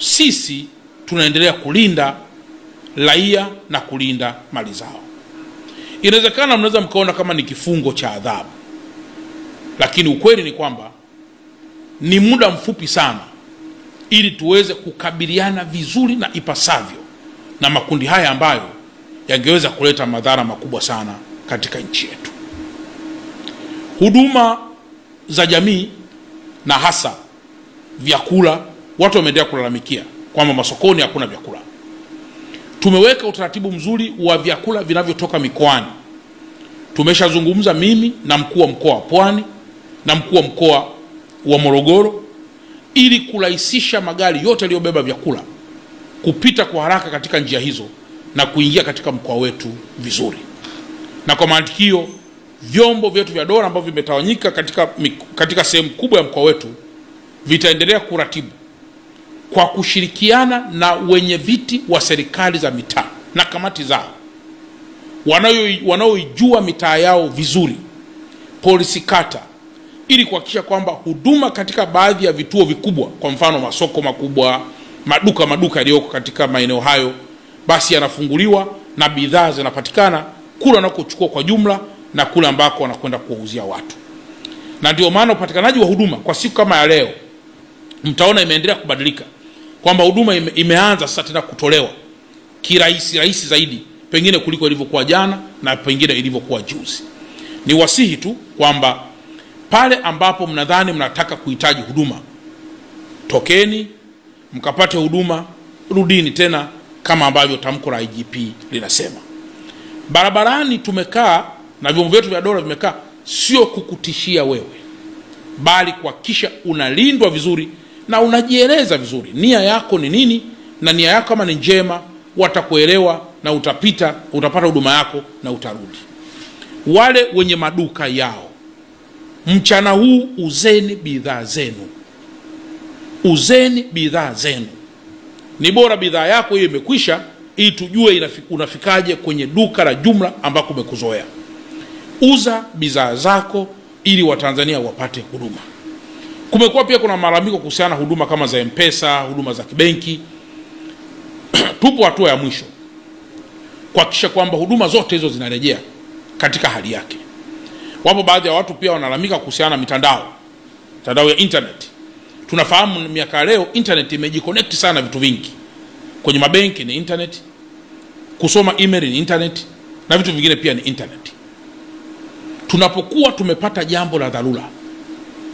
sisi tunaendelea kulinda raia na kulinda mali zao. Inawezekana mnaweza mkaona kama ni kifungo cha adhabu, lakini ukweli ni kwamba ni muda mfupi sana, ili tuweze kukabiliana vizuri na ipasavyo na makundi haya ambayo yangeweza kuleta madhara makubwa sana katika nchi yetu. Huduma za jamii na hasa vyakula watu wameendelea kulalamikia kwamba masokoni hakuna vyakula. Tumeweka utaratibu mzuri wa vyakula vinavyotoka mikoani. Tumeshazungumza mimi na mkuu wa mkoa wa Pwani na mkuu wa mkoa wa Morogoro ili kurahisisha magari yote yaliyobeba vyakula kupita kwa haraka katika njia hizo na kuingia katika mkoa wetu vizuri. Na kwa maandikio vyombo vyetu vya dola ambavyo vimetawanyika katika, katika sehemu kubwa ya mkoa wetu vitaendelea kuratibu kwa kushirikiana na wenye viti wa serikali za mitaa na kamati zao wanaoijua mitaa yao vizuri, polisi kata, ili kuhakikisha kwamba huduma katika baadhi ya vituo vikubwa, kwa mfano masoko makubwa, maduka maduka yaliyoko katika maeneo hayo, basi yanafunguliwa na bidhaa zinapatikana kule wanakochukua kwa jumla na kule ambako wanakwenda kuwauzia watu. Na ndio maana upatikanaji wa huduma kwa siku kama ya leo mtaona imeendelea kubadilika kwamba huduma ime, imeanza sasa tena kutolewa kirahisi rahisi zaidi pengine kuliko ilivyokuwa jana na pengine ilivyokuwa juzi. Ni wasihi tu kwamba pale ambapo mnadhani mnataka kuhitaji huduma, tokeni mkapate huduma, rudini tena kama ambavyo tamko la IGP linasema. Barabarani tumekaa na vyombo vyetu vya dola vimekaa, sio kukutishia wewe, bali kuhakikisha unalindwa vizuri na unajieleza vizuri, nia yako ni nini, na nia yako kama ni njema, watakuelewa na utapita, utapata huduma yako na utarudi. Wale wenye maduka yao mchana huu, uzeni bidhaa zenu, uzeni bidhaa zenu. Ni bora bidhaa yako hiyo imekwisha, ili tujue unafikaje kwenye duka la jumla ambako umekuzoea. Uza bidhaa zako ili Watanzania wapate huduma. Kumekuwa pia kuna malalamiko kuhusiana huduma kama za Mpesa, huduma za kibenki. Tupo hatua ya mwisho kuhakikisha kwamba huduma zote hizo zinarejea katika hali yake. Wapo baadhi ya watu pia wanalalamika kuhusiana na mitandao, mitandao ya internet. Tunafahamu miaka ya leo internet imejiconnect sana vitu vingi, kwenye mabenki ni internet, kusoma email ni internet na vitu vingine pia ni internet. Tunapokuwa tumepata jambo la dharura